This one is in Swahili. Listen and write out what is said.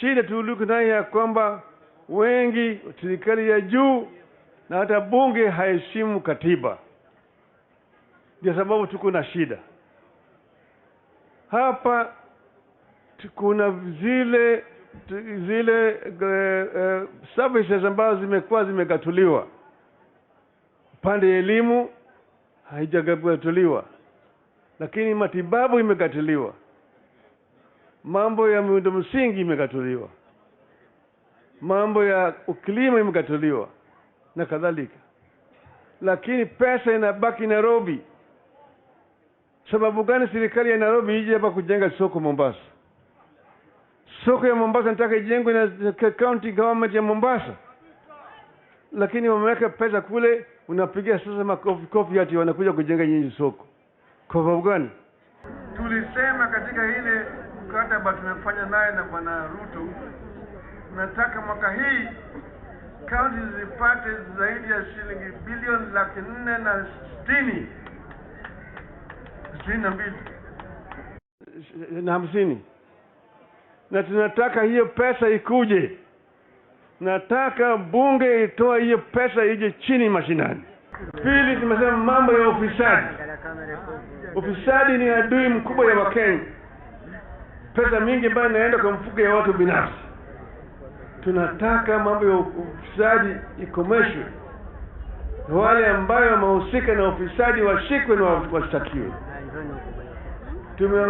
Shida tuliko nayo ya kwamba wengi serikali ya juu na hata bunge haheshimu katiba, ndio sababu tuko na shida hapa. Kuna zile zile uh, uh, services ambazo zimekuwa zimegatuliwa upande ya elimu haijagatuliwa, lakini matibabu imegatuliwa mambo ya miundo msingi imekatuliwa, mambo ya ukilima imekatuliwa na kadhalika, lakini pesa inabaki Nairobi. Sababu gani serikali ya Nairobi ije hapa kujenga soko Mombasa? Soko ya Mombasa nataka ijengwe na county government ya Mombasa, lakini wameweka pesa kule, unapiga sasa makofi kofi, hati wanakuja kujenga nyinyi soko. Kwa sababu gani? Tulisema katika ile mkataba tumefanya naye na Bwana Ruto, nataka mwaka hii kaunti zipate zaidi ya shilingi bilioni laki nne na sitini sitini na mbili na hamsini na tunataka hiyo pesa ikuje. Nataka bunge itoe hiyo pesa ije chini mashinani. Pili, tumesema mambo ya ufisadi. Ufisadi ni adui mkubwa ya Wakenya pesa mingi ambayo inaenda kwa mfuko ya watu binafsi. Tunataka mambo ya ufisadi ikomeshwe, wale ambayo wamehusika na ufisadi washikwe na washtakiwe. Tumeongea